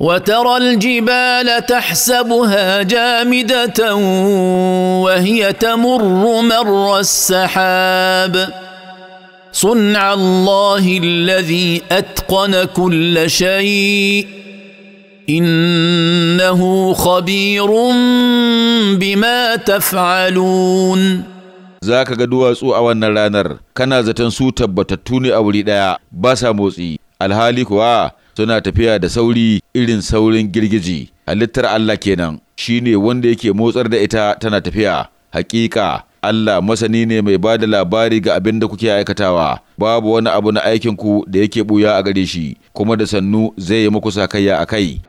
وترى الجبال تحسبها جامده وهي تمر مر السحاب صنع الله الذي اتقن كل شيء انه خبير بما تفعلون za ka ga duwatsu a wannan ranar kana zaton su tabbatattu ne a wuri ɗaya ba sa motsi alhali kuwa suna tafiya da sauri irin saurin girgiji halittar Allah kenan Shi ne wanda yake motsar da ita tana tafiya hakika Allah masani ne mai ba da labari ga abin da kuke aikatawa babu wani abu na aikinku da yake buya a gare shi kuma da sannu zai yi muku sakayya a kai